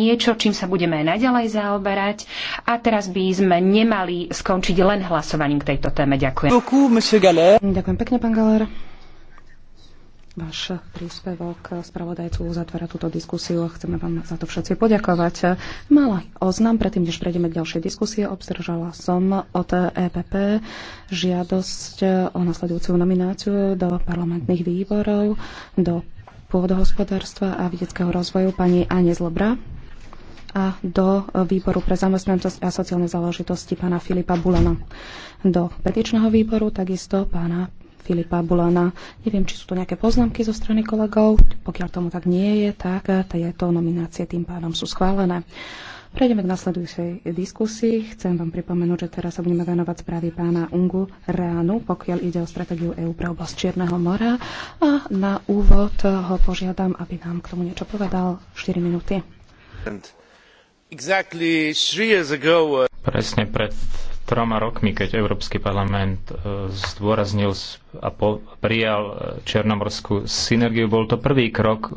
niečo, čím sa budeme naďalej zaoberať a teraz by sme nemali skončiť len hlasovaním k tejto téme. Ďakujem. Ďakujem pekne, pán Galer. Váš príspevok spravodajcu uzatvára túto diskusiu. Chceme vám za to všetci poďakovať. Malý oznam, predtým, než prejdeme k ďalšej diskusie, obstržala som od EPP žiadosť o nasledujúcu nomináciu do parlamentných výborov, do pôdohospodárstva a vedeckého rozvoju pani Ane Zlobra a do výboru pre zamestnanosť a sociálne záležitosti pána Filipa Bulana. Do petičného výboru takisto pána Filipa Bulana. Neviem, či sú to nejaké poznámky zo strany kolegov. Pokiaľ tomu tak nie je, tak tieto nominácie tým pádom sú schválené. Prejdeme k nasledujúcej diskusii. Chcem vám pripomenúť, že teraz sa budeme venovať správy pána Ungu Reánu, pokiaľ ide o stratégiu EÚ pre oblasť Čierneho mora. A na úvod ho požiadam, aby nám k tomu niečo povedal. 4 minúty. Uh, Presne pred troma rokmi, keď Európsky parlament uh, zdôraznil a prijal uh, Černomorskú synergiu, bol to prvý krok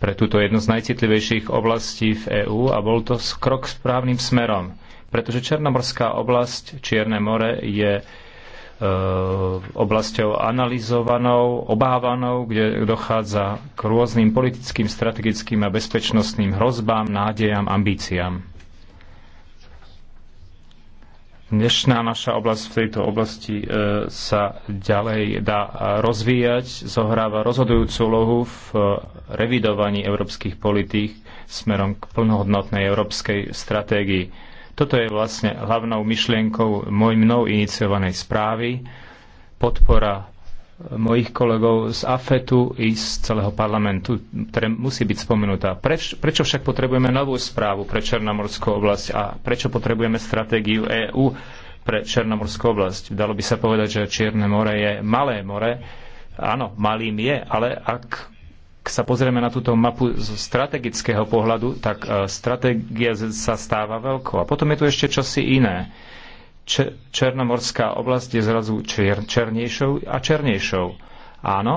pre túto jednu z najcitlivejších oblastí v EÚ a bol to krok správnym smerom, pretože Černomorská oblasť, Čierne more je E, oblasťou analyzovanou, obávanou, kde dochádza k rôznym politickým, strategickým a bezpečnostným hrozbám, nádejam, ambíciám. Dnešná naša oblasť v tejto oblasti e, sa ďalej dá rozvíjať, zohráva rozhodujúcu úlohu v e, revidovaní európskych politík smerom k plnohodnotnej európskej stratégii toto je vlastne hlavnou myšlienkou môj mnou iniciovanej správy, podpora e, mojich kolegov z AFETu i z celého parlamentu, ktoré musí byť spomenutá. Preč, prečo však potrebujeme novú správu pre Černomorskú oblasť a prečo potrebujeme stratégiu EÚ pre Černomorskú oblasť? Dalo by sa povedať, že Čierne more je malé more. Áno, malým je, ale ak ak sa pozrieme na túto mapu z strategického pohľadu, tak e, stratégia sa stáva veľkou. A potom je tu ešte čosi iné. Černomorská oblasť je zrazu čier, černejšou a černejšou. Áno,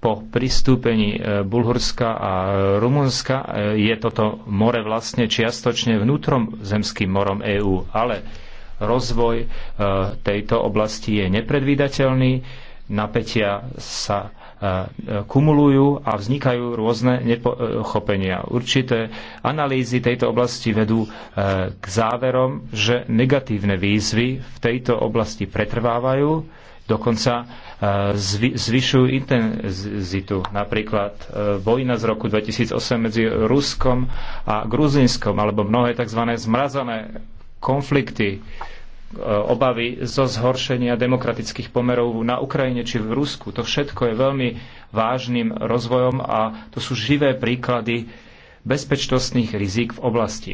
po pristúpení e, Bulhurska a e, Rumunska je toto more vlastne čiastočne vnútrom zemským morom EÚ, ale rozvoj tejto oblasti je nepredvídateľný, napätia sa E, kumulujú a vznikajú rôzne nepochopenia. Určité analýzy tejto oblasti vedú e, k záverom, že negatívne výzvy v tejto oblasti pretrvávajú, dokonca e, zvyšujú intenzitu. Napríklad vojna z roku 2008 medzi Ruskom a Gruzinskom, alebo mnohé tzv. zmrazané konflikty, E, obavy zo zhoršenia demokratických pomerov na Ukrajine či v Rusku. To všetko je veľmi vážnym rozvojom a to sú živé príklady bezpečnostných rizik v oblasti.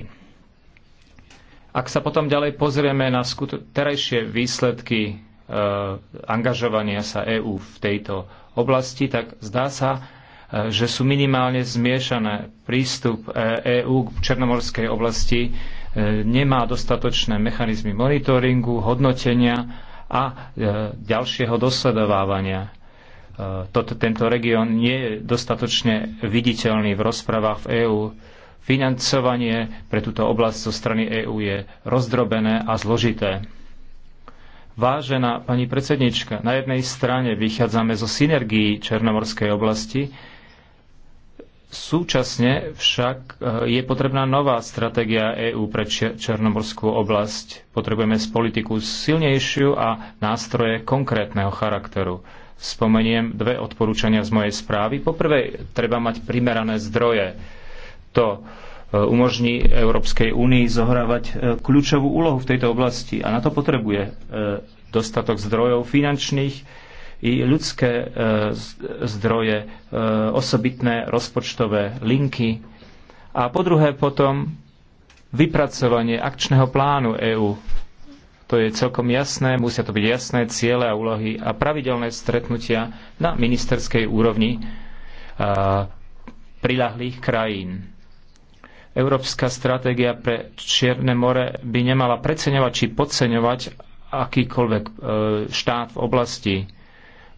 Ak sa potom ďalej pozrieme na terajšie výsledky e, angažovania sa EÚ v tejto oblasti, tak zdá sa, e, že sú minimálne zmiešané prístup EÚ e k černomorskej oblasti E, nemá dostatočné mechanizmy monitoringu, hodnotenia a e, ďalšieho dosledovávania. E, toto, tento región nie je dostatočne viditeľný v rozprávach v EÚ. Financovanie pre túto oblasť zo strany EÚ je rozdrobené a zložité. Vážená pani predsednička, na jednej strane vychádzame zo synergií Černomorskej oblasti, Súčasne však eh, je potrebná nová stratégia EÚ pre Černomorskú oblasť. Potrebujeme z politiku silnejšiu a nástroje konkrétneho charakteru. Spomeniem dve odporúčania z mojej správy. Poprvé, treba mať primerané zdroje. To eh, umožní Európskej únii zohrávať eh, kľúčovú úlohu v tejto oblasti a na to potrebuje dostatok zdrojov finančných, i ľudské e, zdroje, e, osobitné rozpočtové linky a po druhé potom vypracovanie akčného plánu EÚ. To je celkom jasné, musia to byť jasné ciele a úlohy a pravidelné stretnutia na ministerskej úrovni e, prilahlých krajín. Európska stratégia pre Čierne more by nemala preceňovať či podceňovať akýkoľvek štát v oblasti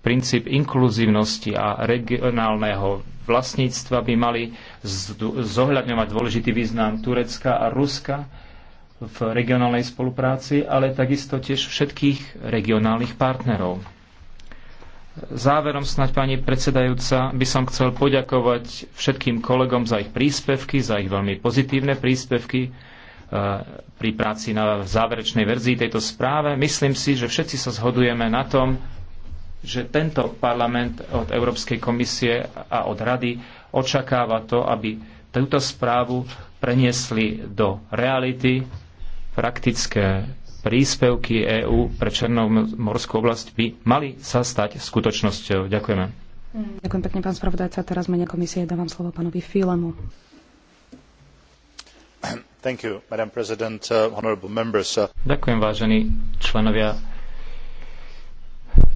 Princíp inkluzívnosti a regionálneho vlastníctva by mali zohľadňovať dôležitý význam Turecka a Ruska v regionálnej spolupráci, ale takisto tiež všetkých regionálnych partnerov. Záverom snaď, pani predsedajúca, by som chcel poďakovať všetkým kolegom za ich príspevky, za ich veľmi pozitívne príspevky e, pri práci na záverečnej verzii tejto správe. Myslím si, že všetci sa zhodujeme na tom, že tento parlament od Európskej komisie a od Rady očakáva to, aby túto správu preniesli do reality praktické príspevky EÚ pre Černomorskú oblasť by mali sa stať skutočnosťou. Ďakujeme. Ďakujem pekne, pán spravodajca. Teraz mene komisie dávam slovo pánovi Filemu. Thank you, Madam President, uh, honorable members. Uh... Ďakujem, vážení členovia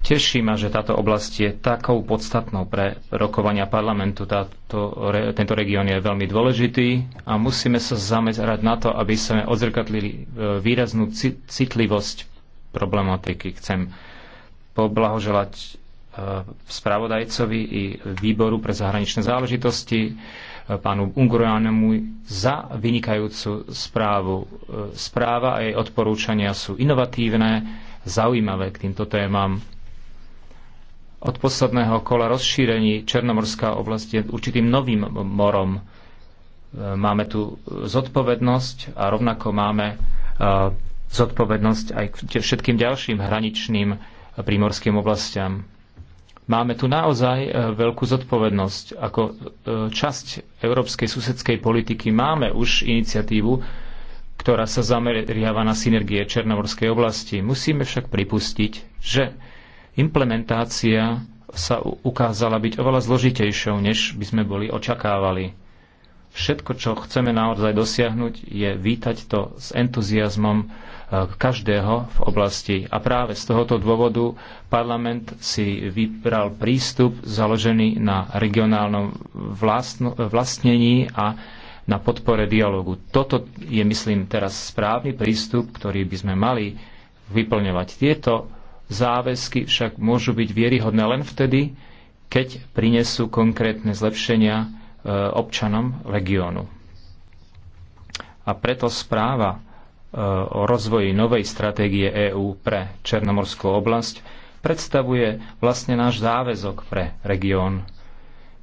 Teší ma, že táto oblasť je takou podstatnou pre rokovania parlamentu. Táto, re, tento región je veľmi dôležitý a musíme sa zamerať na to, aby sme odzrkadlili e, výraznú citlivosť problematiky. Chcem poblahoželať e, spravodajcovi i výboru pre zahraničné záležitosti, e, pánu Ungurianemu za vynikajúcu správu. Správa a jej odporúčania sú inovatívne, zaujímavé k týmto témam od posledného kola rozšírení Černomorská oblast je určitým novým morom. E, máme tu zodpovednosť a rovnako máme e, zodpovednosť aj k všetkým ďalším hraničným prímorským oblastiam. Máme tu naozaj e, veľkú zodpovednosť. Ako časť európskej susedskej politiky máme už iniciatívu, ktorá sa zameriava na synergie Černomorskej oblasti. Musíme však pripustiť, že implementácia sa ukázala byť oveľa zložitejšou, než by sme boli očakávali. Všetko, čo chceme naozaj dosiahnuť, je vítať to s entuziasmom e, každého v oblasti. A práve z tohoto dôvodu parlament si vybral prístup založený na regionálnom vlastnení a na podpore dialogu. Toto je, myslím, teraz správny prístup, ktorý by sme mali vyplňovať. Tieto Záväzky však môžu byť vieryhodné len vtedy, keď prinesú konkrétne zlepšenia e, občanom regiónu. A preto správa e, o rozvoji novej stratégie EÚ pre Černomorskú oblasť predstavuje vlastne náš záväzok pre región.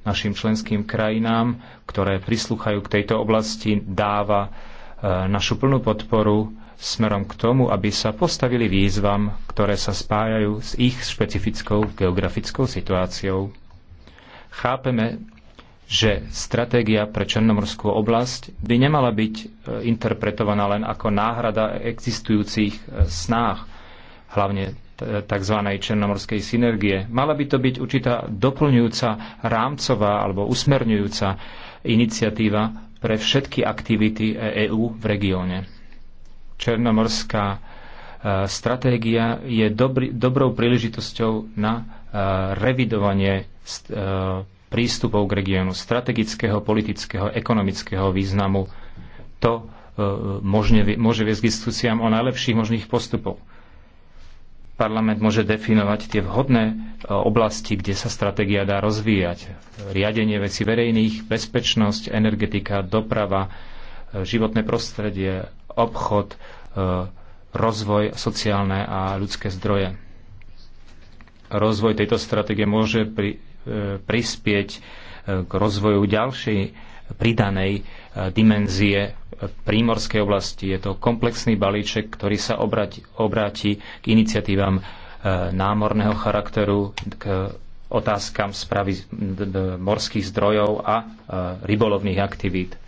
Našim členským krajinám, ktoré prislúchajú k tejto oblasti, dáva e, našu plnú podporu smerom k tomu, aby sa postavili výzvam, ktoré sa spájajú s ich špecifickou geografickou situáciou. Chápeme, že stratégia pre Černomorskú oblasť by nemala byť e, interpretovaná len ako náhrada existujúcich e, snách, hlavne tzv. černomorskej synergie. Mala by to byť určitá doplňujúca, rámcová alebo usmerňujúca iniciatíva pre všetky aktivity EÚ e v regióne. Černomorská e, stratégia je dobrý, dobrou príležitosťou na e, revidovanie e, prístupov k regiónu strategického, politického, ekonomického významu. To možne, môže viesť k diskusiám o najlepších možných postupoch. Parlament môže definovať tie vhodné oblasti, kde sa stratégia dá rozvíjať. Riadenie veci verejných, bezpečnosť, energetika, doprava, životné prostredie obchod, e, rozvoj, sociálne a ľudské zdroje. Rozvoj tejto stratégie môže pri, e, prispieť e, k rozvoju ďalšej pridanej dimenzie v prímorskej oblasti. Je to komplexný balíček, ktorý sa obráti, obráti k iniciatívam námorného charakteru, k otázkam spravy morských zdrojov a rybolovných aktivít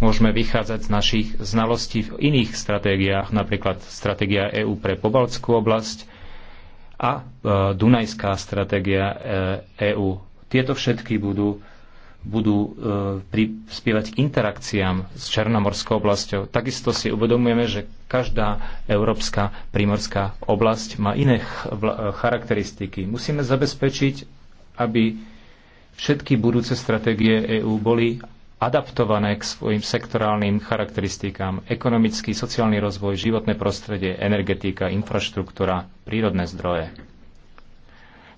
môžeme vychádzať z našich znalostí v iných stratégiách, napríklad stratégia EÚ pre Pobaltskú oblasť a e, Dunajská stratégia EÚ. E Tieto všetky budú, budú e, prispievať k interakciám s Černomorskou oblasťou. Takisto si uvedomujeme, že každá európska primorská oblasť má iné charakteristiky. Musíme zabezpečiť, aby všetky budúce stratégie EÚ boli adaptované k svojim sektorálnym charakteristikám ekonomický, sociálny rozvoj, životné prostredie, energetika, infraštruktúra, prírodné zdroje.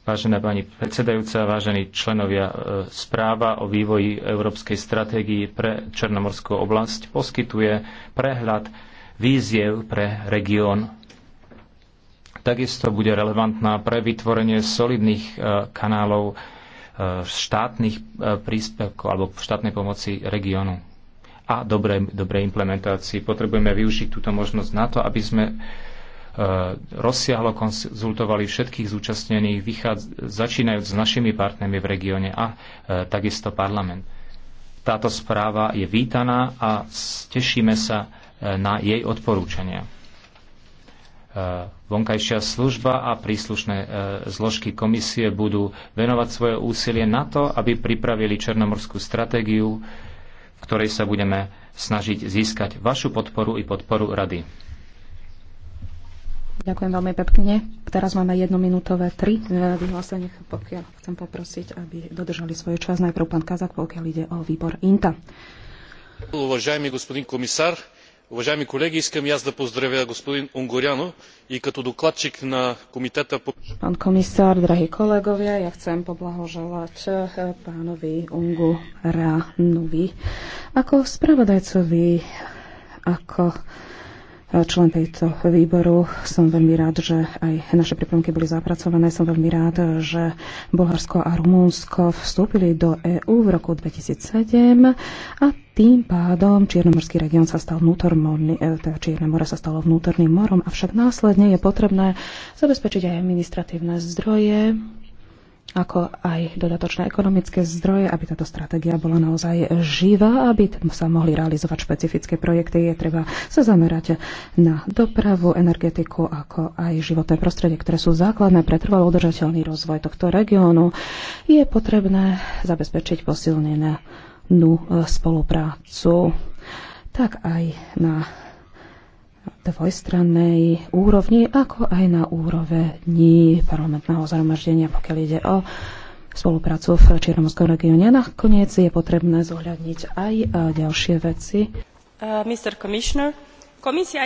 Vážená pani predsedajúca, vážení členovia, e, správa o vývoji Európskej stratégii pre Černomorskú oblasť poskytuje prehľad víziev pre región. Takisto bude relevantná pre vytvorenie solidných e, kanálov Eh, štátnych eh, príspevkov alebo štátnej pomoci regiónu a dobrej, dobrej implementácii. Potrebujeme využiť túto možnosť na to, aby sme eh, rozsiahlo konzultovali všetkých zúčastnených, vychádz- začínajúc s našimi partnermi v regióne a e, takisto parlament. Táto správa je vítaná a tešíme sa e, na jej odporúčania. E, vonkajšia služba a príslušné e, zložky komisie budú venovať svoje úsilie na to, aby pripravili černomorskú stratégiu, v ktorej sa budeme snažiť získať vašu podporu i podporu rady. Ďakujem veľmi pekne. Teraz máme jednominútové tri e, vyhlásenie, pokiaľ chcem poprosiť, aby dodržali svoj čas. Najprv pán Kazak, pokiaľ ide o výbor INTA. Uvažajme, gospodín komisár, уважаеми колеги искам и аз да поздравя господин Unguriano и като докладчик на комитета по... Pán komisár, drahí kolegovia, ja chcem poblahoželať pánovi Unguranovi ako spravodajcovi ako člen tejto výboru. Som veľmi rád, že aj naše pripomienky boli zapracované. Som veľmi rád, že Bulharsko a Rumúnsko vstúpili do EÚ v roku 2007 a tým pádom Čiernomorský región sa stal vnútorný, e, teda Čierne more sa stalo vnútorným morom, avšak následne je potrebné zabezpečiť aj administratívne zdroje ako aj dodatočné ekonomické zdroje, aby táto stratégia bola naozaj živá, aby sa mohli realizovať špecifické projekty. Je treba sa zamerať na dopravu, energetiku, ako aj životné prostredie, ktoré sú základné pre trvalo udržateľný rozvoj tohto regiónu. Je potrebné zabezpečiť posilnenú e, spoluprácu tak aj na dvojstrannej úrovni, ako aj na úrovni parlamentného zhromaždenia, pokiaľ ide o spoluprácu v Čiernomorskom regióne. Nakoniec je potrebné zohľadniť aj e, ďalšie veci. Uh, e, Mr. Commissioner, komisia...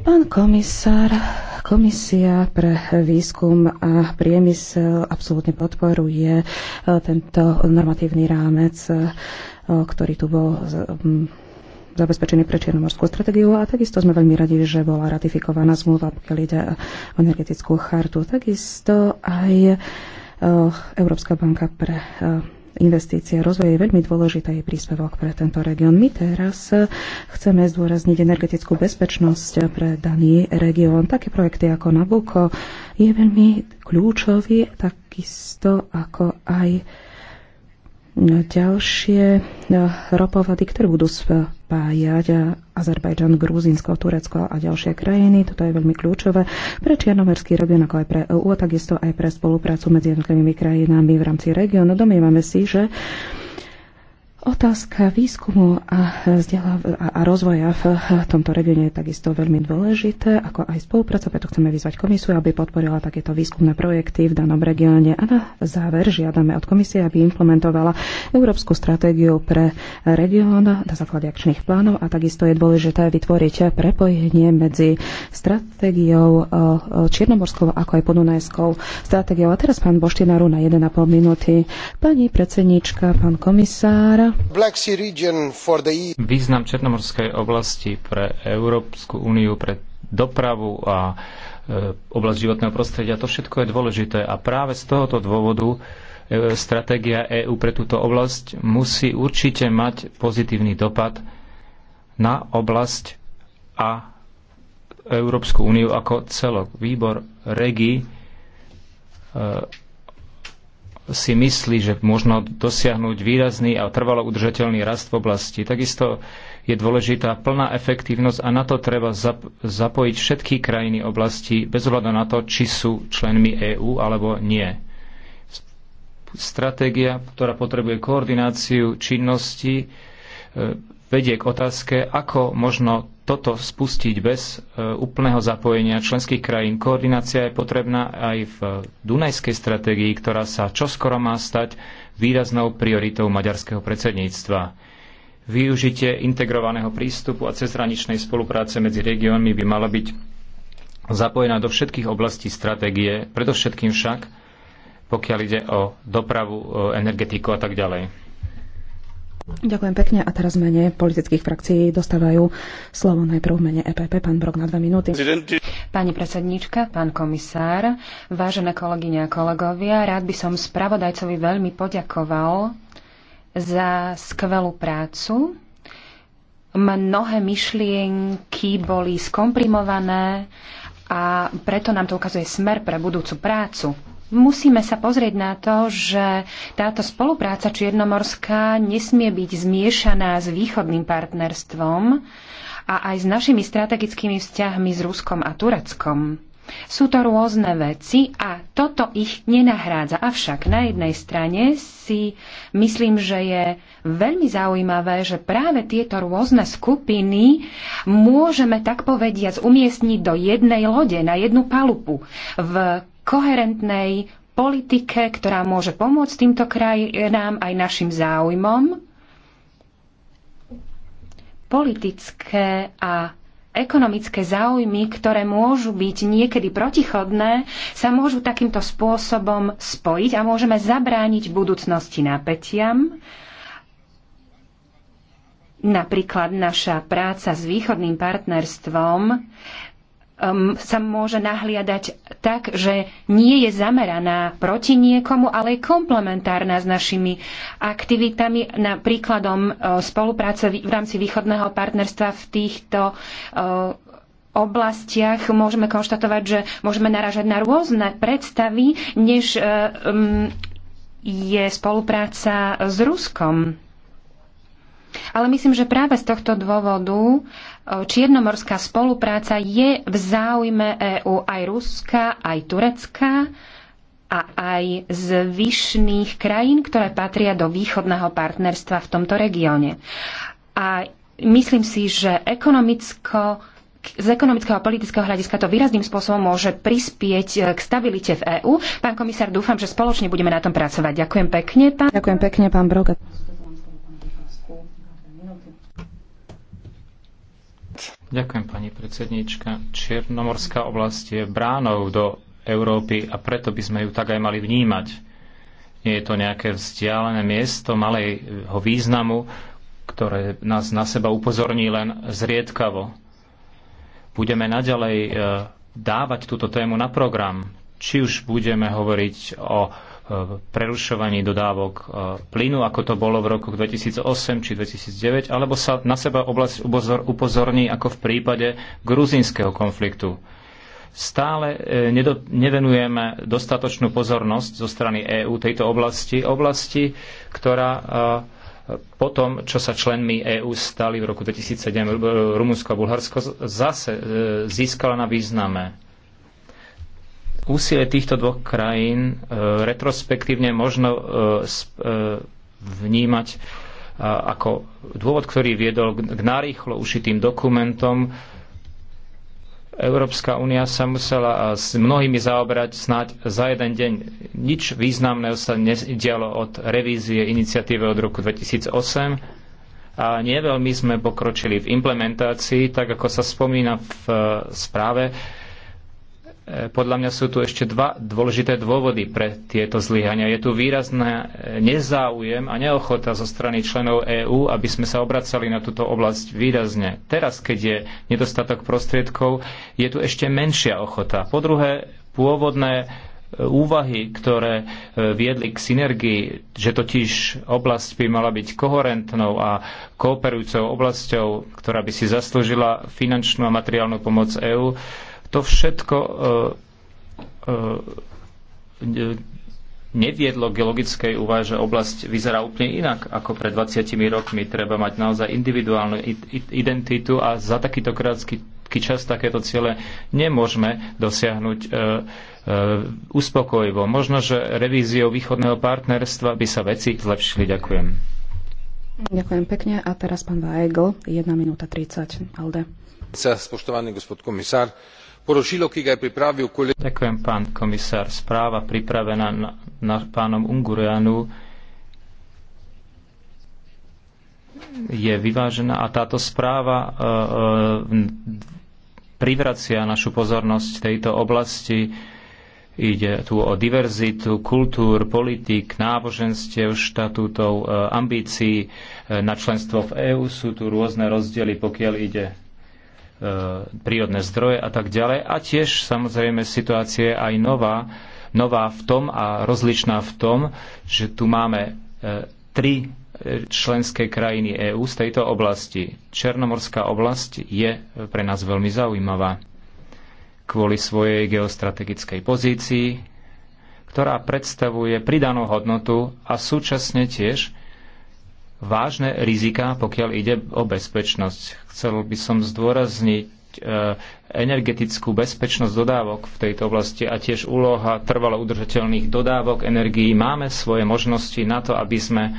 Pán komisár, Komisia pre výskum a priemysel absolútne podporuje e, tento normatívny rámec, ktorý tu bol zabezpečený pre Čiernomorskú stratégiu a takisto sme veľmi radi, že bola ratifikovaná zmluva, pokiaľ ide o energetickú chartu. Takisto aj e, Európska banka pre e, investície a rozvoj je veľmi dôležitý príspevok pre tento región. My teraz e, chceme zdôrazniť energetickú bezpečnosť pre daný región. Také projekty ako Nabuko je veľmi kľúčový, takisto ako aj ďalšie ropovady, ktoré budú spájať Azerbajdžan, Grúzinsko, Turecko a ďalšie krajiny. Toto je veľmi kľúčové pre Čiernomerský región, ako aj pre EU a takisto aj pre spoluprácu medzi jednotlivými krajinami v rámci regiónu. Domnievame si, že Otázka výskumu a, a rozvoja v tomto regióne je takisto veľmi dôležité, ako aj spolupráca, preto chceme vyzvať komisiu, aby podporila takéto výskumné projekty v danom regióne. A na záver žiadame od komisie, aby implementovala európsku stratégiu pre región na základe akčných plánov a takisto je dôležité vytvoriť prepojenie medzi stratégiou e, e, Čiernomorskou ako aj podunajskou stratégiou. A teraz pán Boštinaru na 1,5 minúty. Pani predsednička, pán komisár, E. Význam Černomorskej oblasti pre Európsku úniu, pre dopravu a e, oblasť životného prostredia, to všetko je dôležité a práve z tohoto dôvodu e, stratégia EÚ pre túto oblasť musí určite mať pozitívny dopad na oblasť a Európsku úniu ako celok. Výbor REGI si myslí, že možno dosiahnuť výrazný a trvalo udržateľný rast v oblasti. Takisto je dôležitá plná efektívnosť a na to treba zapojiť všetky krajiny oblasti bez ohľadu na to, či sú členmi EÚ alebo nie. Stratégia, ktorá potrebuje koordináciu činnosti, e, vedie k otázke, ako možno toto spustiť bez e, úplného zapojenia členských krajín. Koordinácia je potrebná aj v Dunajskej stratégii, ktorá sa čoskoro má stať výraznou prioritou maďarského predsedníctva. Využitie integrovaného prístupu a cezhraničnej spolupráce medzi regiónmi by mala byť zapojená do všetkých oblastí stratégie, predovšetkým však, pokiaľ ide o dopravu, e, energetiku a tak ďalej. Ďakujem pekne a teraz mene politických frakcií dostávajú slovo najprv v mene EPP. Pán Brok na dve minúty. Pani predsedníčka, pán komisár, vážené kolegyne a kolegovia, rád by som spravodajcovi veľmi poďakoval za skvelú prácu. Mnohé myšlienky boli skomprimované a preto nám to ukazuje smer pre budúcu prácu musíme sa pozrieť na to, že táto spolupráca čiernomorská nesmie byť zmiešaná s východným partnerstvom a aj s našimi strategickými vzťahmi s Ruskom a Tureckom. Sú to rôzne veci a toto ich nenahrádza. Avšak na jednej strane si myslím, že je veľmi zaujímavé, že práve tieto rôzne skupiny môžeme tak povediac umiestniť do jednej lode, na jednu palupu. V koherentnej politike, ktorá môže pomôcť týmto krajinám aj našim záujmom. Politické a ekonomické záujmy, ktoré môžu byť niekedy protichodné, sa môžu takýmto spôsobom spojiť a môžeme zabrániť v budúcnosti napätiam. Napríklad naša práca s východným partnerstvom um, sa môže nahliadať tak, že nie je zameraná proti niekomu, ale je komplementárna s našimi aktivitami, napríkladom uh, spolupráce v, v rámci východného partnerstva v týchto uh, oblastiach môžeme konštatovať, že môžeme naražať na rôzne predstavy, než uh, um, je spolupráca s Ruskom. Ale myslím, že práve z tohto dôvodu e, čiernomorská spolupráca je v záujme EÚ aj Ruska, aj Turecka a aj z vyšných krajín, ktoré patria do východného partnerstva v tomto regióne. A myslím si, že ekonomicko z ekonomického a politického hľadiska to výrazným spôsobom môže prispieť e, k stabilite v EÚ. Pán komisár, dúfam, že spoločne budeme na tom pracovať. Ďakujem pekne, pán. Ďakujem pekne, pán Broga. Ďakujem, pani predsednička. Čiernomorská oblasť je bránou do Európy a preto by sme ju tak aj mali vnímať. Nie je to nejaké vzdialené miesto malého významu, ktoré nás na seba upozorní len zriedkavo. Budeme naďalej e, dávať túto tému na program. Či už budeme hovoriť o prerušovaní dodávok e, plynu, ako to bolo v roku 2008 či 2009, alebo sa na seba oblasť upozorní ako v prípade gruzinského konfliktu. Stále e, nevenujeme dostatočnú pozornosť zo strany EÚ tejto oblasti, oblasti, ktorá e, po tom, čo sa členmi EÚ stali v roku 2007 Rumunsko a Bulharsko, zase získala na význame úsilie týchto dvoch krajín e, retrospektívne možno e, e, vnímať ako dôvod, ktorý viedol k narýchlo ušitým dokumentom. Európska únia sa musela s mnohými zaoberať snáď za jeden deň. Nič významného sa nedialo od revízie iniciatívy od roku 2008 a neveľmi sme pokročili v implementácii, tak ako sa spomína v správe E, podľa mňa sú tu ešte dva dôležité dôvody pre tieto zlyhania. Je tu výrazná e, nezáujem a neochota zo strany členov EÚ, aby sme sa obracali na túto oblasť výrazne. Teraz, keď je nedostatok prostriedkov, je tu ešte menšia ochota. Po druhé, pôvodné e, úvahy, ktoré viedli k synergii, že totiž oblasť by mala byť koherentnou a kooperujúcou oblasťou, ktorá by si zaslúžila finančnú a materiálnu pomoc EÚ, to všetko e, e, neviedlo k geologickej úvahe, že oblasť vyzerá úplne inak ako pred 20 rokmi. Treba mať naozaj individuálnu identitu a za takýto krátky čas takéto ciele nemôžeme dosiahnuť e, e, uspokojivo. Možno, že revíziou východného partnerstva by sa veci zlepšili. Ďakujem. Ďakujem pekne. A teraz pán Weigl, 1 minúta 30. Alde. Spoštovaný gospod komisár, Ďakujem, pán komisár. Správa pripravená na, na pánom Ungureanu je vyvážená a táto správa e, e privracia našu pozornosť tejto oblasti. Ide tu o diverzitu kultúr, politík, náboženstiev, štatútov, e, ambícií e, na členstvo v EÚ. Sú tu rôzne rozdiely, pokiaľ ide E, prírodné zdroje a tak ďalej. A tiež samozrejme situácia je aj nová, nová v tom a rozličná v tom, že tu máme e, tri e, členské krajiny EÚ z tejto oblasti. Černomorská oblasť je pre nás veľmi zaujímavá kvôli svojej geostrategickej pozícii, ktorá predstavuje pridanú hodnotu a súčasne tiež vážne rizika, pokiaľ ide o bezpečnosť. Chcel by som zdôrazniť e, energetickú bezpečnosť dodávok v tejto oblasti a tiež úloha trvalo udržateľných dodávok energií. Máme svoje možnosti na to, aby sme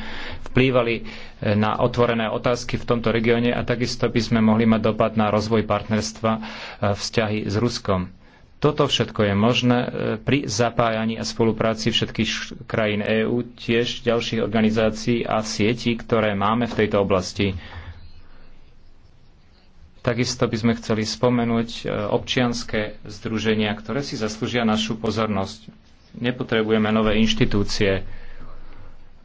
vplývali e, na otvorené otázky v tomto regióne a takisto by sme mohli mať dopad na rozvoj partnerstva e, vzťahy s Ruskom. Toto všetko je možné e, pri zapájaní a spolupráci všetkých krajín EÚ, tiež ďalších organizácií a sietí, ktoré máme v tejto oblasti. Takisto by sme chceli spomenúť e, občianské združenia, ktoré si zaslúžia našu pozornosť. Nepotrebujeme nové inštitúcie,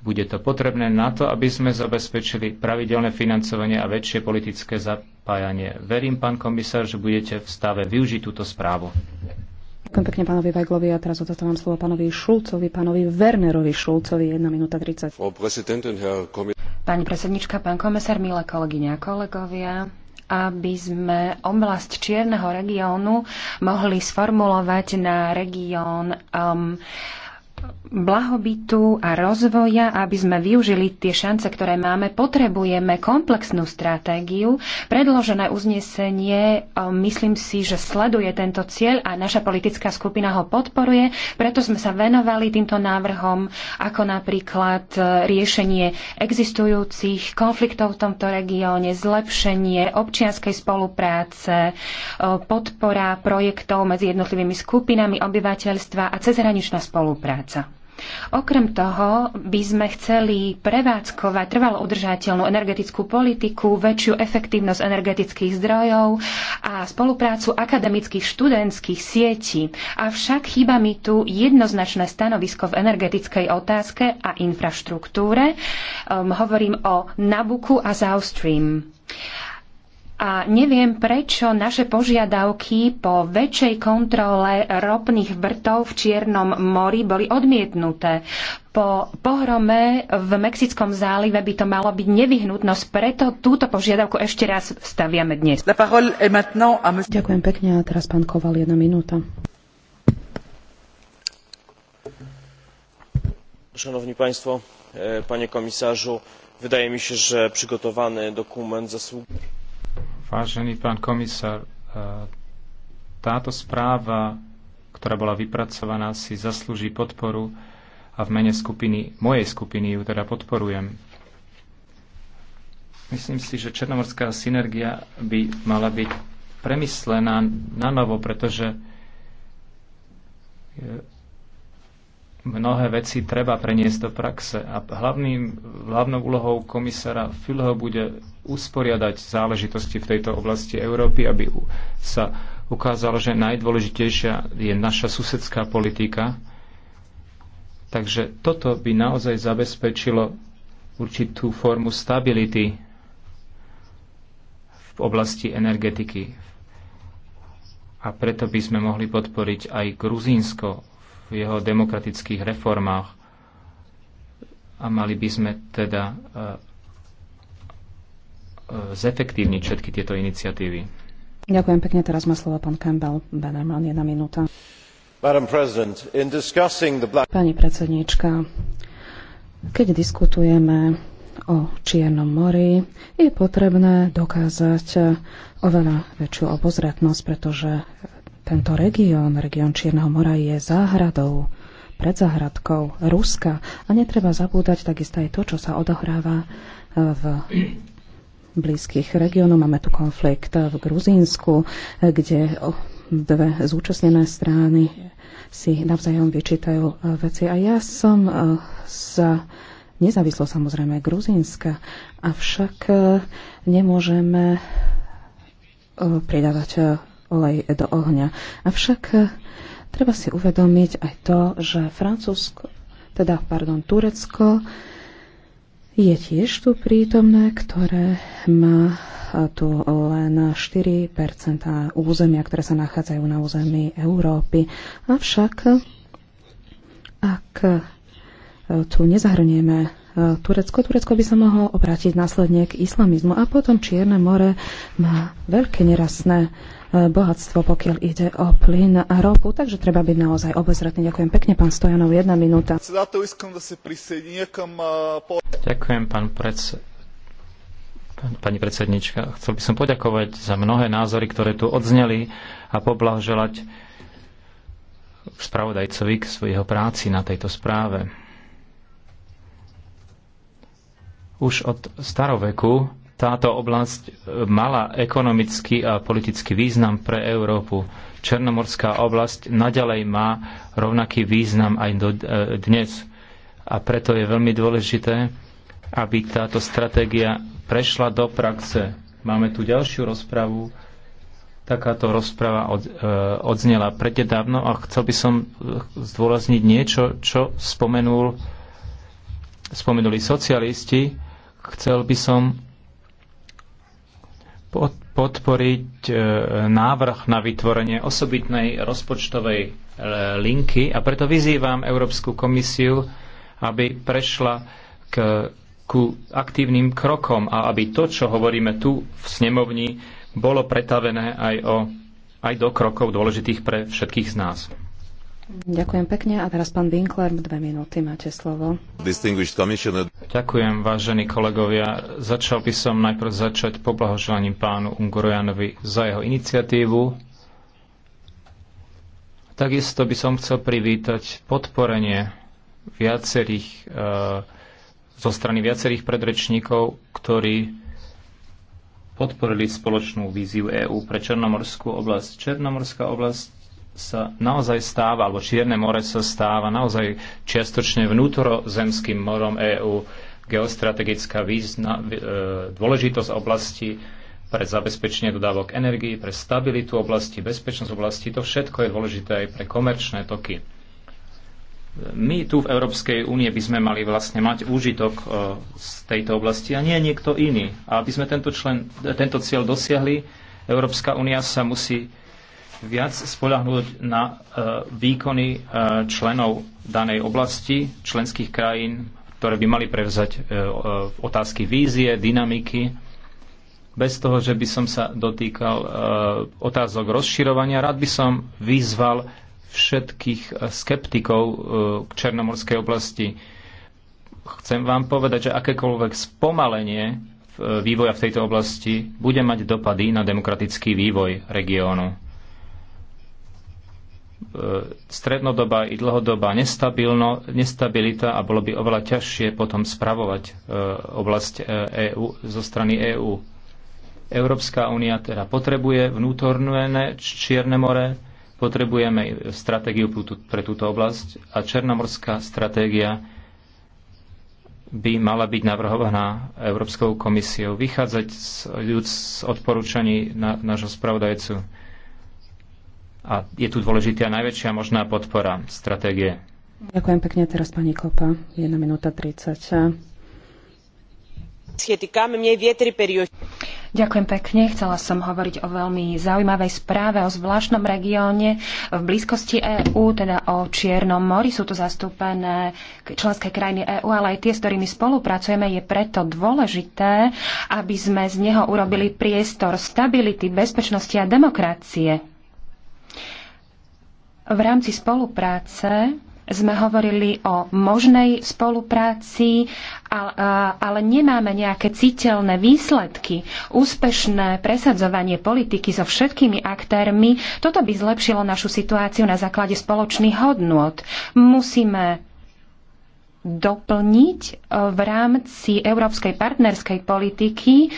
bude to potrebné na to, aby sme zabezpečili pravidelné financovanie a väčšie politické zapájanie. Verím, pán komisár, že budete v stave využiť túto správu. Ďakujem pekne pánovi Vajglovi a teraz odostávam slovo pánovi Šulcovi, pánovi Wernerovi Šulcovi, 1 minúta 30. Pani predsednička, pán komisár, milé kolegyne a kolegovia, aby sme oblasť Čierneho regiónu mohli sformulovať na región um, blahobytu a rozvoja, aby sme využili tie šance, ktoré máme, potrebujeme komplexnú stratégiu. Predložené uznesenie, e, myslím si, že sleduje tento cieľ a naša politická skupina ho podporuje, preto sme sa venovali týmto návrhom, ako napríklad e, riešenie existujúcich konfliktov v tomto regióne, zlepšenie občianskej spolupráce, e, podpora projektov medzi jednotlivými skupinami obyvateľstva a cezhraničná spolupráca rámca. Okrem toho by sme chceli prevádzkovať trvalo udržateľnú energetickú politiku, väčšiu efektívnosť energetických zdrojov a spoluprácu akademických študentských sietí. Avšak chýba mi tu jednoznačné stanovisko v energetickej otázke a infraštruktúre. Um, hovorím o Nabuku a South Stream. A neviem, prečo naše požiadavky po väčšej kontrole ropných vrtov v Čiernom mori boli odmietnuté. Po pohrome v Mexickom zálive by to malo byť nevyhnutnosť, preto túto požiadavku ešte raz staviame dnes. Ďakujem pekne a teraz pán Koval, jedna minúta. Szanowni Państwo, e, Panie Komisarzu, wydaje mi się, że przygotowany dokument zasługuje Vážený pán komisár, e, táto správa, ktorá bola vypracovaná, si zaslúži podporu a v mene skupiny, mojej skupiny ju teda podporujem. Myslím si, že černomorská synergia by mala byť premyslená na novo, pretože e, mnohé veci treba preniesť do praxe a hlavným, hlavnou úlohou komisára Filho bude usporiadať záležitosti v tejto oblasti Európy, aby sa ukázalo, že najdôležitejšia je naša susedská politika. Takže toto by naozaj zabezpečilo určitú formu stability v oblasti energetiky. A preto by sme mohli podporiť aj Gruzínsko v jeho demokratických reformách. A mali by sme teda e, e, zefektívniť všetky tieto iniciatívy. Ďakujem pekne. Teraz má slovo pán Campbell. Bannerman, jedna minúta. Pani predsedníčka, keď diskutujeme o Čiernom mori, je potrebné dokázať oveľa väčšiu obozretnosť, pretože tento región, región Čierneho mora je záhradou, pred záhradkou Ruska a netreba zabúdať takisto aj to, čo sa odohráva e, v blízkych regiónoch. Máme tu konflikt v Gruzínsku, kde dve zúčastnené strany si navzájom vyčítajú e, veci. A ja som sa e, nezávislo samozrejme Gruzínska, avšak nemôžeme pridávať olej do ohňa. Avšak e, treba si uvedomiť aj to, že Francúzsko, teda, pardon, Turecko je tiež tu prítomné, ktoré má e, tu len 4 územia, ktoré sa nachádzajú na území Európy. Avšak, ak e, tu nezahrnieme Turecko. Turecko by sa mohlo obrátiť následne k islamizmu a potom Čierne more má veľké nerastné e, bohatstvo, pokiaľ ide o plyn a ropu, takže treba byť naozaj obezretný. Ďakujem pekne, pán Stojanov, jedna minúta. Ďakujem, pán preds... Pani predsednička, chcel by som poďakovať za mnohé názory, ktoré tu odzneli a poblahoželať spravodajcovi k svojho práci na tejto správe. Už od staroveku táto oblasť e, mala ekonomický a politický význam pre Európu. Černomorská oblasť naďalej má rovnaký význam aj do, e, dnes. A preto je veľmi dôležité, aby táto stratégia prešla do praxe. Máme tu ďalšiu rozpravu. Takáto rozprava od, e, odznela prededávno a chcel by som e, zdôrazniť niečo, čo spomenul, spomenuli socialisti Chcel by som podporiť e, návrh na vytvorenie osobitnej rozpočtovej e, linky a preto vyzývam Európsku komisiu, aby prešla k, ku aktívnym krokom a aby to, čo hovoríme tu v snemovni, bolo pretavené aj, o, aj do krokov dôležitých pre všetkých z nás. Ďakujem pekne. A teraz pán Winkler, dve minúty, máte slovo. Ďakujem, vážení kolegovia. Začal by som najprv začať poblahoželaním pánu Ungurojanovi za jeho iniciatívu. Takisto by som chcel privítať podporenie viacerých, e, zo strany viacerých predrečníkov, ktorí podporili spoločnú víziu EÚ pre Černomorskú oblasť. Černomorská oblasť sa naozaj stáva, alebo Čierne more sa stáva naozaj čiastočne vnútorozemským morom EÚ. Geostrategická význa, e, dôležitosť oblasti pre zabezpečenie dodávok energii, pre stabilitu oblasti, bezpečnosť oblasti, to všetko je dôležité aj pre komerčné toky. My tu v Európskej únie by sme mali vlastne mať úžitok e, z tejto oblasti a nie niekto iný. A aby sme tento, člen, tento cieľ dosiahli, Európska únia sa musí viac spolahnúť na e, výkony e, členov danej oblasti, členských krajín, ktoré by mali prevzať e, otázky vízie, dynamiky, bez toho, že by som sa dotýkal otázok rozširovania. Rád by som vyzval všetkých skeptikov k Černomorskej oblasti. Chcem vám povedať, že akékoľvek spomalenie vývoja v tejto oblasti bude mať dopady na demokratický vývoj regiónu E, strednodobá i dlhodobá nestabilita a bolo by oveľa ťažšie potom spravovať e, oblasť EU, e zo strany EÚ. Európska únia teda potrebuje vnútorné Čierne more, potrebujeme stratégiu pre túto oblasť a Černomorská stratégia by mala byť navrhovaná Európskou komisiou, vychádzať z, z odporúčaní na, nášho spravodajcu a je tu dôležitá najväčšia možná podpora stratégie. Ďakujem pekne teraz pani Kopa. 1 minúta 30. Ďakujem pekne. Chcela som hovoriť o veľmi zaujímavej správe o zvláštnom regióne v blízkosti EÚ, teda o Čiernom mori. Sú tu zastúpené členské krajiny EÚ, ale aj tie, s ktorými spolupracujeme. Je preto dôležité, aby sme z neho urobili priestor stability, bezpečnosti a demokracie v rámci spolupráce sme hovorili o možnej spolupráci, ale nemáme nejaké citeľné výsledky. Úspešné presadzovanie politiky so všetkými aktérmi, toto by zlepšilo našu situáciu na základe spoločných hodnôt. Musíme doplniť e, v rámci európskej partnerskej politiky e,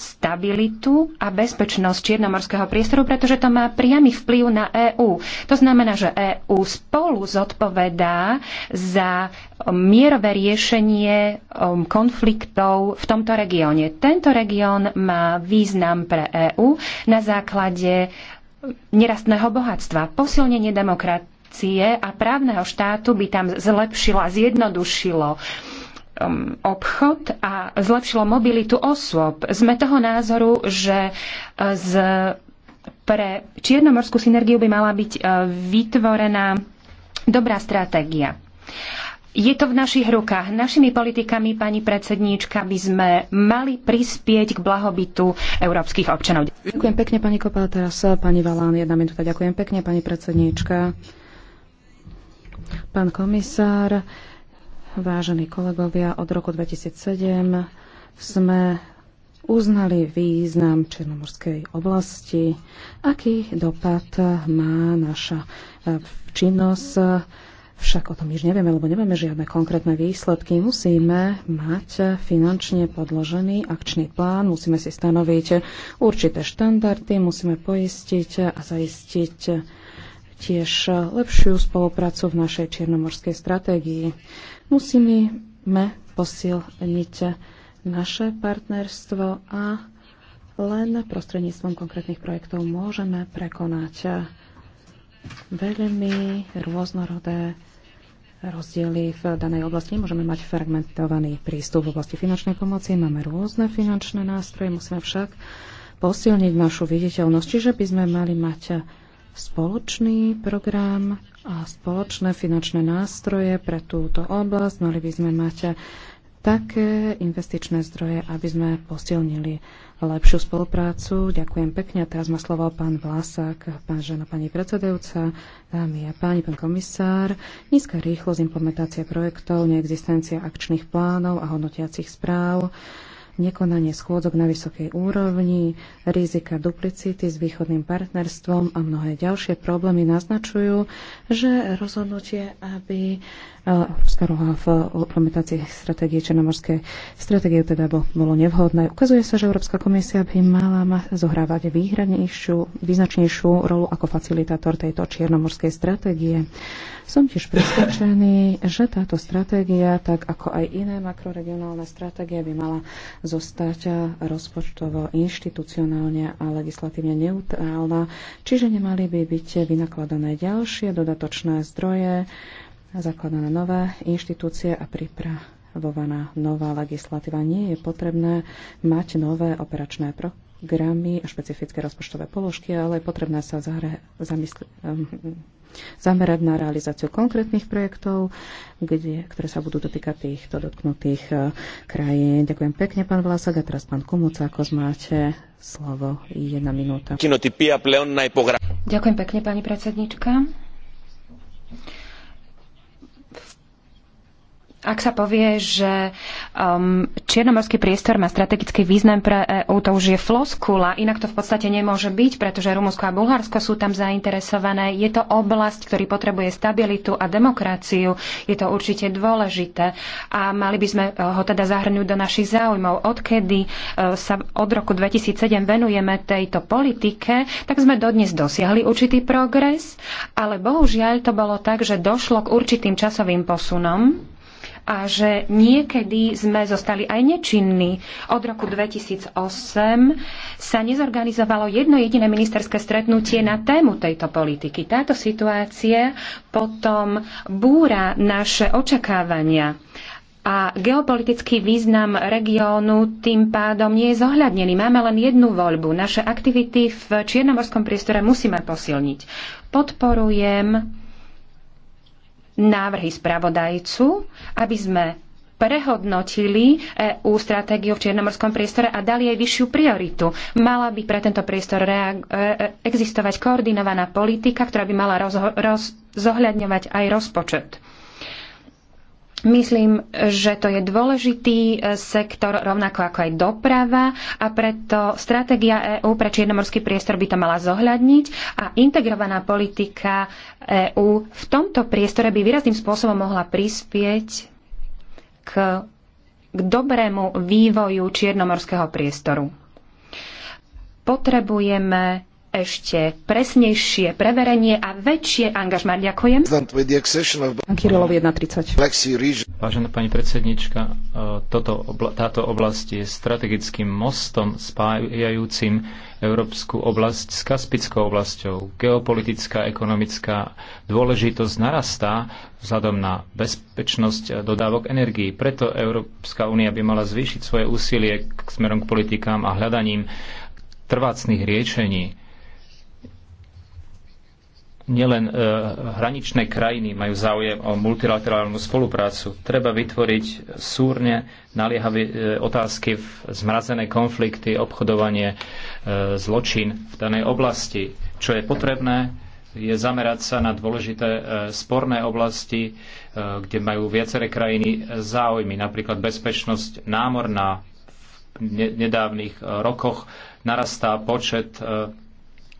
stabilitu a bezpečnosť čiernomorského priestoru, pretože to má priamy vplyv na EÚ. To znamená, že EÚ spolu zodpovedá za um, mierové riešenie um, konfliktov v tomto regióne. Tento región má význam pre EÚ na základe um, nerastného bohatstva, posilnenie demokracie a právneho štátu by tam zlepšilo a zjednodušilo uh, Um, obchod a zlepšilo mobilitu osôb. Sme toho názoru, že uh, z, pre čiernomorskú synergiu by mala byť uh, vytvorená dobrá stratégia. Je to v našich rukách. Našimi politikami, pani predsedníčka, by sme mali prispieť k blahobytu európskych občanov. Ďakujem pekne, pani Kopala. Teraz eh, pani Valán, jedna minúta. Ďakujem pekne, pani predsedníčka. Pán komisár, vážení kolegovia, od roku 2007 sme uznali význam Černomorskej oblasti, aký dopad má naša e, činnosť. Však o tom nič nevieme, lebo nevieme žiadne konkrétne výsledky. Musíme mať finančne podložený akčný plán, musíme si stanoviť určité štandardy, musíme poistiť a zaistiť tiež lepšiu spoluprácu v našej čiernomorskej stratégii. Musíme posilniť naše partnerstvo a len prostredníctvom konkrétnych projektov môžeme prekonať veľmi rôznorodé rozdiely v danej oblasti. Môžeme mať fragmentovaný prístup v oblasti finančnej pomoci. Máme rôzne finančné nástroje, musíme však posilniť našu viditeľnosť. Čiže by sme mali mať spoločný program a spoločné finančné nástroje pre túto oblasť. Mali by sme mať také investičné zdroje, aby sme posilnili lepšiu spoluprácu. Ďakujem pekne. A teraz má slovo pán Vlásak, pán žena, pani predsedajúca, dámy a páni, pán komisár. Nízka rýchlosť implementácie projektov, neexistencia akčných plánov a hodnotiacich správ nekonanie schôdzok na vysokej úrovni, rizika duplicity s východným partnerstvom a mnohé ďalšie problémy naznačujú, že rozhodnutie, aby Európska roha v implementácii stratégie Černomorskej stratégie teda bolo nevhodné. Ukazuje sa, že Európska komisia by mala zohrávať výhradnejšiu, význačnejšiu rolu ako facilitátor tejto Čiernomorskej stratégie. Som tiež presvedčený, že táto stratégia, tak ako aj iné makroregionálne stratégie, by mala zostať rozpočtovo, inštitucionálne a legislatívne neutrálna, čiže nemali by byť vynakladané ďalšie dodatočné zdroje, zakladaná nová inštitúcia a pripravovaná nová legislatíva. Nie je potrebné mať nové operačné programy a špecifické rozpočtové položky, ale je potrebné sa zahre, zamysl- ehm, zamerať na realizáciu konkrétnych projektov, kde, ktoré sa budú dotýkať týchto dotknutých eh, krajín. Ďakujem pekne, pán Vlasak, a teraz pán ako máte slovo. Jedna minúta. Ďakujem pekne, pani predsednička. Ak sa povie, že um, čiernomorský priestor má strategický význam pre EÚ, to už je floskula, inak to v podstate nemôže byť, pretože Rumunsko a Bulharsko sú tam zainteresované. Je to oblasť, ktorý potrebuje stabilitu a demokraciu. Je to určite dôležité a mali by sme uh, ho teda zahrnúť do našich záujmov. Odkedy uh, sa od roku 2007 venujeme tejto politike, tak sme dodnes dosiahli určitý progres, ale bohužiaľ to bolo tak, že došlo k určitým časovým posunom a že niekedy sme zostali aj nečinní. Od roku 2008 sa nezorganizovalo jedno jediné ministerské stretnutie na tému tejto politiky. Táto situácia potom búra naše očakávania a geopolitický význam regiónu tým pádom nie je zohľadnený. Máme len jednu voľbu. Naše aktivity v Čiernomorskom priestore musíme posilniť. Podporujem návrhy spravodajcu, aby sme prehodnotili EU stratégiu v Čiernomorskom priestore a dali jej vyššiu prioritu. Mala by pre tento priestor e- e- existovať koordinovaná politika, ktorá by mala roz- roz- zohľadňovať aj rozpočet. Myslím, že to je dôležitý e, sektor, rovnako ako aj doprava a preto stratégia EÚ pre čiernomorský priestor by to mala zohľadniť a integrovaná politika EÚ v tomto priestore by výrazným spôsobom mohla prispieť k, k dobrému vývoju čiernomorského priestoru. Potrebujeme ešte presnejšie preverenie a väčšie angažmá. Ďakujem. Kirilov 1.30. Vážená pani predsednička, e, toto, táto oblasť je strategickým mostom spájajúcim Európsku oblasť s Kaspickou oblasťou. Geopolitická, ekonomická dôležitosť narastá vzhľadom na bezpečnosť dodávok energií. Preto Európska únia by mala zvýšiť svoje úsilie k smerom k politikám a hľadaním trvácných riešení nielen e, hraničné krajiny majú záujem o multilaterálnu spoluprácu. Treba vytvoriť súrne naliehavé e, otázky, v zmrazené konflikty, obchodovanie, e, zločin v danej oblasti. Čo je potrebné, je zamerať sa na dôležité e, sporné oblasti, e, kde majú viaceré krajiny záujmy, napríklad bezpečnosť námorná. V ne, nedávnych e, rokoch narastá počet e,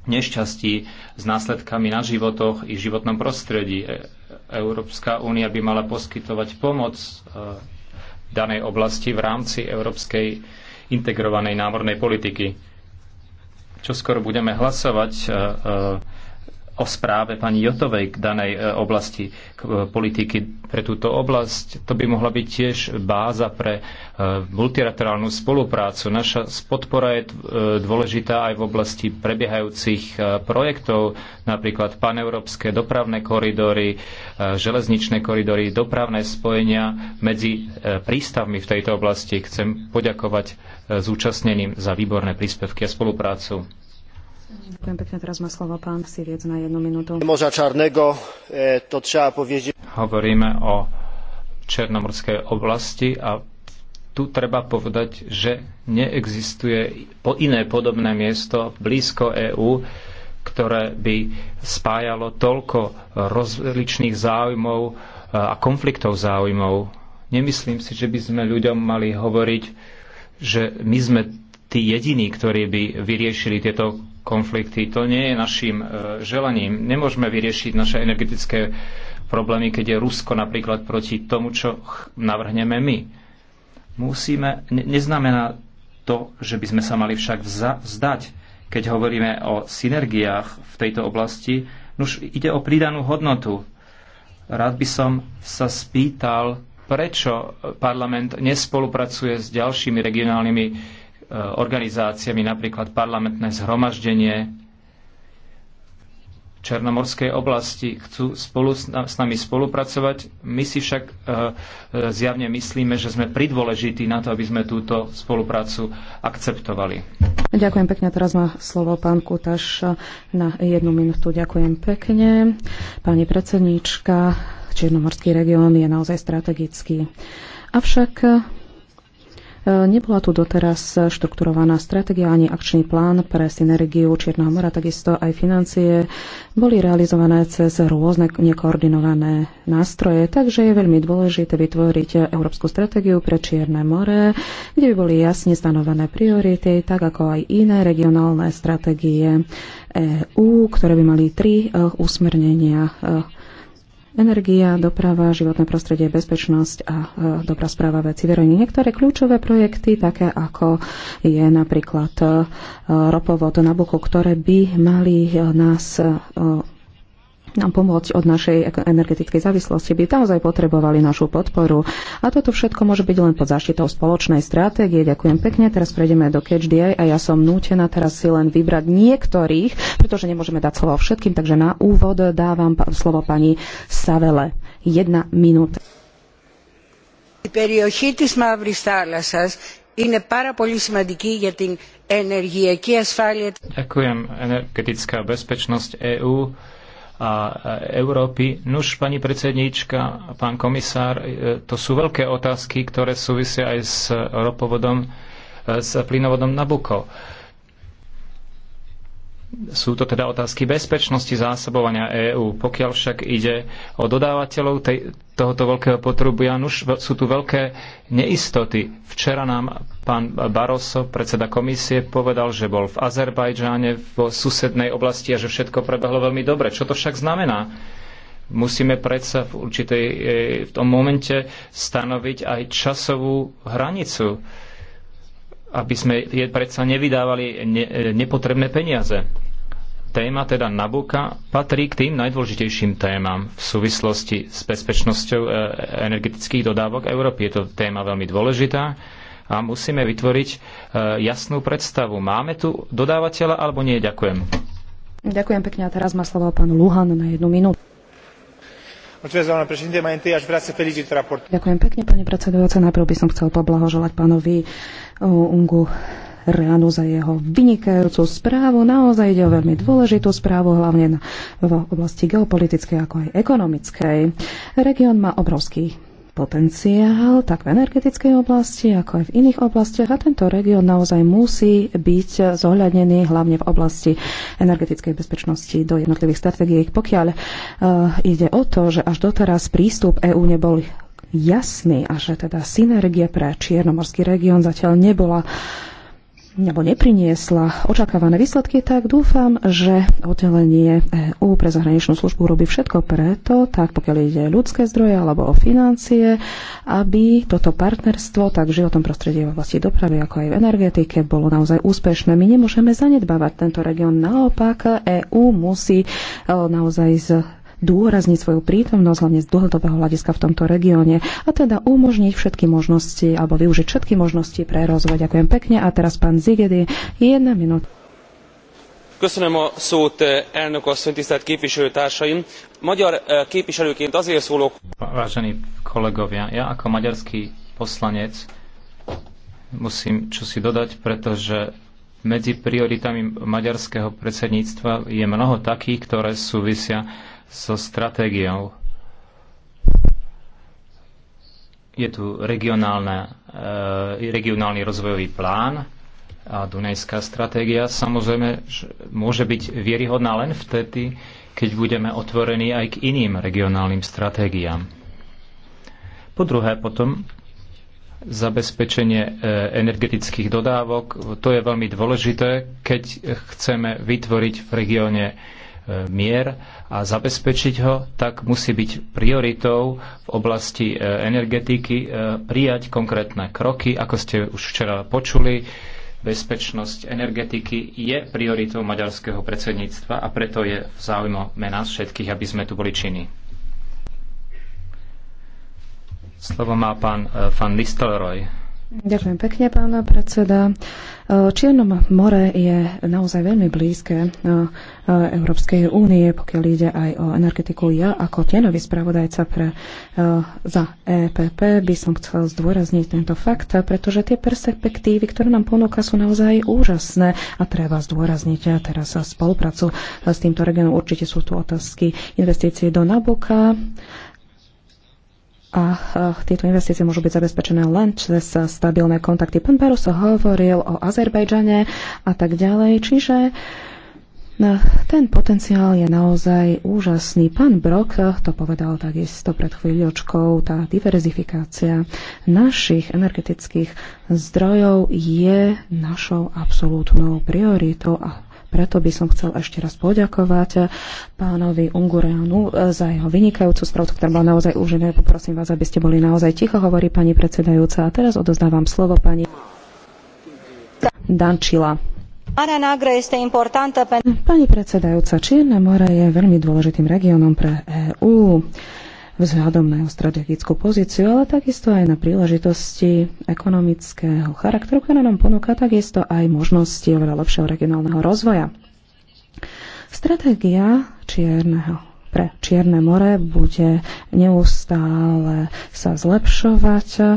nešťastí s následkami na životoch i životnom prostredí. E, Európska únia by mala poskytovať pomoc v e, danej oblasti v rámci európskej integrovanej námornej politiky. Čo skoro budeme hlasovať e, o správe pani Jotovej k danej e, oblasti k e, politiky pre túto oblasť. To by mohla byť tiež báza pre e, multilaterálnu spoluprácu. Naša podpora je dôležitá aj v oblasti prebiehajúcich projektov, napríklad paneurópske dopravné koridory, železničné koridory, dopravné spojenia medzi prístavmi v tejto oblasti. Chcem poďakovať zúčastneným za výborné príspevky a spoluprácu. Ďakujem pekne, teraz má slovo pán Siviec na jednu minútu. Čarnego, e, to treba povedať. Hovoríme o Černomorskej oblasti a tu treba povedať, že neexistuje iné podobné miesto blízko EÚ, ktoré by spájalo toľko rozličných záujmov e, a konfliktov záujmov. Nemyslím si, že by sme ľuďom mali hovoriť, že my sme tí jediní, ktorí by vyriešili tieto konflikty. To nie je našim e, želaním. Nemôžeme vyriešiť naše energetické problémy, keď je Rusko napríklad proti tomu, čo navrhneme my. Musíme, ne, neznamená to, že by sme sa mali však vza, vzdať, keď hovoríme o synergiách v tejto oblasti, už ide o pridanú hodnotu. Rád by som sa spýtal, prečo e, parlament nespolupracuje s ďalšími regionálnymi Eh, organizáciami, napríklad parlamentné zhromaždenie Černomorskej oblasti, chcú spolu s, nami spolupracovať. My si však eh, eh, zjavne myslíme, že sme pridôležití na to, aby sme túto spoluprácu akceptovali. Ďakujem pekne. Teraz má slovo pán Kutaš na jednu minútu. Ďakujem pekne. Pani predsedníčka, Černomorský región je naozaj strategický. Avšak Nebola tu doteraz štrukturovaná stratégia ani akčný plán pre synergiu Čierneho mora, takisto aj financie boli realizované cez rôzne nekoordinované nástroje, takže je veľmi dôležité vytvoriť európsku stratégiu pre Čierne more, kde by boli jasne stanovené priority, tak ako aj iné regionálne stratégie EÚ, ktoré by mali tri eh, usmernenia eh, Energia, doprava, životné prostredie, bezpečnosť a e, dobrá správa veci verejných. Niektoré kľúčové projekty, také ako je napríklad e, ropovod Nabuku, ktoré by mali e, nás nám pomôcť od našej energetickej závislosti, by naozaj potrebovali našu podporu. A toto všetko môže byť len pod zaštitou spoločnej stratégie. Ďakujem pekne. Teraz prejdeme do Catch DI a ja som nútená teraz si len vybrať niektorých, pretože nemôžeme dať slovo všetkým, takže na úvod dávam slovo pani Savele. Jedna minúta. Η περιοχή της Μαύρης Θάλασσας είναι πάρα πολύ σημαντική για την ενεργειακή ασφάλεια. Ďakujem. Energetická bezpečnosť EÚ a Európy. Nuž, pani predsedníčka, pán komisár, e, to sú veľké otázky, ktoré súvisia aj s ropovodom, e, s plynovodom Nabuko. Sú to teda otázky bezpečnosti zásobovania EÚ. Pokiaľ však ide o dodávateľov tej, tohoto veľkého potrubia, už sú tu veľké neistoty. Včera nám pán Barroso, predseda komisie, povedal, že bol v Azerbajdžáne, v susednej oblasti a že všetko prebehlo veľmi dobre. Čo to však znamená? Musíme predsa v určitej e, v tom momente stanoviť aj časovú hranicu, aby sme predsa nevydávali e, nepotrebné peniaze. Téma teda Nabuka patrí k tým najdôležitejším témam v súvislosti s bezpečnosťou e, energetických dodávok Európy. Je to téma veľmi dôležitá a musíme vytvoriť e, jasnú predstavu. Máme tu dodávateľa alebo nie? Ďakujem. Ďakujem pekne a teraz má slovo pán Luhan na jednu minútu. Ďakujem pekne, pani predsedujúca. Najprv by som chcel poblahoželať pánovi e, Ungu Reanu za jeho vynikajúcu správu. Naozaj ide o veľmi dôležitú správu, hlavne v oblasti geopolitickej ako aj ekonomickej. Región má obrovský potenciál tak v energetickej oblasti, ako aj v iných oblastiach a tento región naozaj musí byť zohľadnený hlavne v oblasti energetickej bezpečnosti do jednotlivých strategií, pokiaľ uh, ide o to, že až doteraz prístup EÚ nebol jasný a že teda synergia pre Čiernomorský región zatiaľ nebola uh, alebo nepriniesla očakávané výsledky, tak dúfam, že oddelenie EU pre zahraničnú službu robí všetko preto, tak pokiaľ ide ľudské zdroje alebo o financie, aby toto partnerstvo tak v životnom prostredí v oblasti dopravy ako aj v energetike bolo naozaj úspešné. My nemôžeme zanedbávať tento región. Naopak EÚ musí e, naozaj z dôrazniť svoju prítomnosť hlavne z dlhodobého hľadiska v tomto regióne a teda umožniť všetky možnosti alebo využiť všetky možnosti pre rozvoj. Ďakujem pekne a teraz pán Zigedy, jedna minúta. Köszönöm a szót, eh, elnök asszony, tisztelt képviselőtársaim! Magyar eh, képviselőként azért szólok... Vážení kolegovia, ja ako maďarský poslanec musím čosi dodať, pretože medzi prioritami maďarského predsedníctva je mnoho takých, ktoré súvisia so stratégiou. Je tu e, regionálny rozvojový plán a Dunajská stratégia samozrejme môže byť vieryhodná len vtedy, keď budeme otvorení aj k iným regionálnym stratégiám. Po druhé potom zabezpečenie e, energetických dodávok. To je veľmi dôležité, keď chceme vytvoriť v regióne E, mier a zabezpečiť ho, tak musí byť prioritou v oblasti e, energetiky e, prijať konkrétne kroky, ako ste už včera počuli. Bezpečnosť energetiky je prioritou maďarského predsedníctva a preto je v záujmome nás všetkých, aby sme tu boli činní. Slovo má pán Van Listelrooy. Ďakujem pekne, pána predseda. E, Čiernom more je naozaj veľmi blízke e, e, Európskej únie, pokiaľ ide aj o energetiku. Ja ako tienový spravodajca pre, za EPP by som chcel zdôrazniť tento fakt, pretože tie perspektívy, ktoré nám ponúka, sú naozaj úžasné a treba zdôrazniť teraz spoluprácu s týmto regionom. Určite sú tu otázky investície do Nabuka, a e, tieto investície môžu byť zabezpečené len cez stabilné kontakty. Pán Peruso hovoril o Azerbajdžane a tak ďalej, čiže no, ten potenciál je naozaj úžasný. Pán Brok e, to povedal takisto pred chvíľočkou. Tá diverzifikácia našich energetických zdrojov je našou absolútnou prioritou a preto by som chcel ešte raz poďakovať eh, pánovi Ungureanu eh, za jeho vynikajúcu správcu, ktorá bola naozaj úžená. Poprosím vás, aby ste boli naozaj ticho, hovorí pani predsedajúca. A teraz odozdávam slovo pani Dančila. Pani predsedajúca, Čierne more je veľmi dôležitým regiónom pre EÚ vzhľadom na jeho strategickú pozíciu, ale takisto aj na príležitosti ekonomického charakteru, ktoré nám ponúka takisto aj možnosti oveľa lepšieho regionálneho rozvoja. Stratégia čierneho pre Čierne more bude neustále sa zlepšovať. E,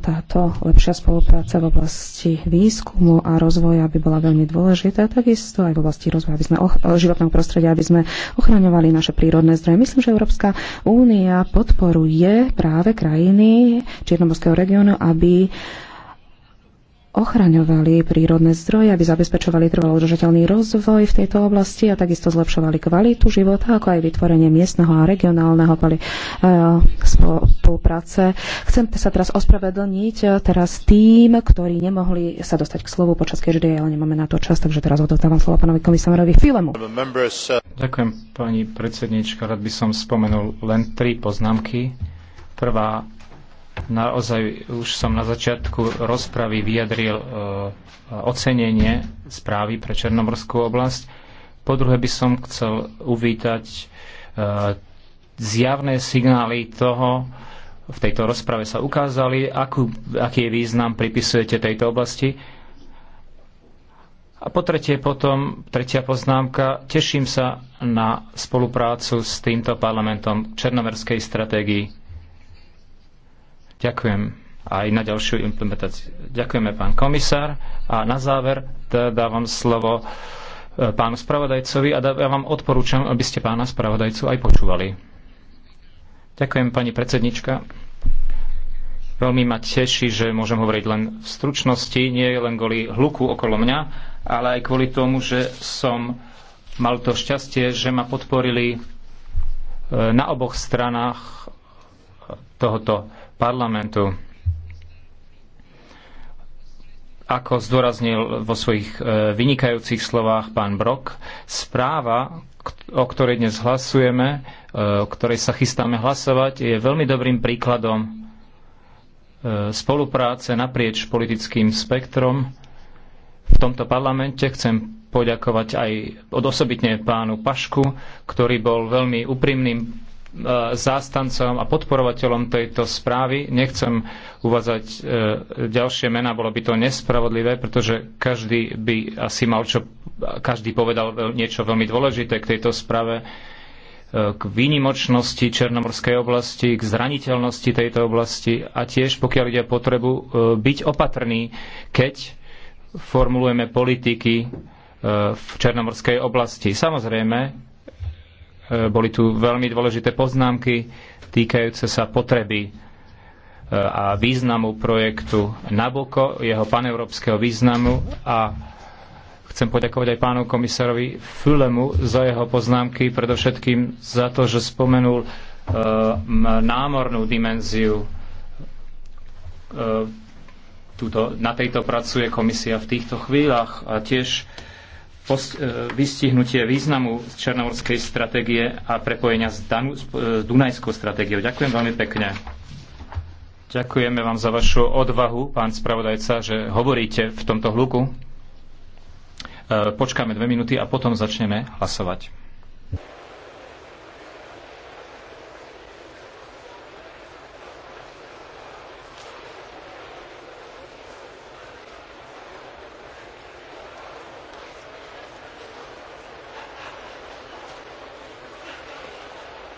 táto lepšia spolupráca v oblasti výskumu a rozvoja by bola veľmi dôležitá, takisto aj v oblasti rozvoja aby sme, e, životného prostredia, aby sme ochraňovali naše prírodné zdroje. Myslím, že Európska únia podporuje práve krajiny Čiernomorského regiónu, aby ochraňovali prírodné zdroje, aby zabezpečovali trvalo udržateľný rozvoj v tejto oblasti a takisto zlepšovali kvalitu života, ako aj vytvorenie miestneho a regionálneho e, spolupráce. Chcem sa teraz ospravedlniť e, teraz tým, ktorí nemohli sa dostať k slovu počas keždej, ale nemáme na to čas, takže teraz odotávam slovo pánovi komisárovi Filemu. Ďakujem pani predsednička, rád by som spomenul len tri poznámky. Prvá naozaj už som na začiatku rozpravy vyjadril e, ocenenie správy pre Černomorskú oblasť. Po druhé by som chcel uvítať e, zjavné signály toho, v tejto rozprave sa ukázali, akú, aký význam pripisujete tejto oblasti. A po tretie potom, tretia poznámka, teším sa na spoluprácu s týmto parlamentom Černomerskej stratégii Ďakujem aj na ďalšiu implementáciu. Ďakujeme, pán komisár. A na záver teda dávam slovo e, pánu spravodajcovi a ja vám odporúčam, aby ste pána spravodajcu aj počúvali. Ďakujem, pani predsednička. Veľmi ma teší, že môžem hovoriť len v stručnosti, nie len kvôli hluku okolo mňa, ale aj kvôli tomu, že som mal to šťastie, že ma podporili e, na oboch stranách tohoto parlamentu. Ako zdôraznil vo svojich e, vynikajúcich slovách pán Brok, správa, o ktorej dnes hlasujeme, e, o ktorej sa chystáme hlasovať, je veľmi dobrým príkladom e, spolupráce naprieč politickým spektrom. V tomto parlamente chcem poďakovať aj od osobitne pánu Pašku, ktorý bol veľmi úprimným E, zástancom a podporovateľom tejto správy. Nechcem uvádzať e, ďalšie mená, bolo by to nespravodlivé, pretože každý by asi mal čo, každý povedal niečo veľmi dôležité k tejto správe, e, k výnimočnosti Černomorskej oblasti, k zraniteľnosti tejto oblasti a tiež, pokiaľ ide o potrebu, byť opatrný, keď formulujeme politiky v Černomorskej oblasti. Samozrejme, E, boli tu veľmi dôležité poznámky týkajúce sa potreby e, a významu projektu Nabuko, jeho paneurópskeho významu a chcem poďakovať aj pánu komisárovi Fulemu za jeho poznámky, predovšetkým za to, že spomenul e, námornú dimenziu. E, túto, na tejto pracuje komisia v týchto chvíľach a tiež E, vystihnutie významu černomorskej stratégie a prepojenia s, Danu, s e, Dunajskou stratégiou. Ďakujem veľmi pekne. Ďakujeme vám za vašu odvahu, pán spravodajca, že hovoríte v tomto hluku. E, počkáme dve minúty a potom začneme hlasovať.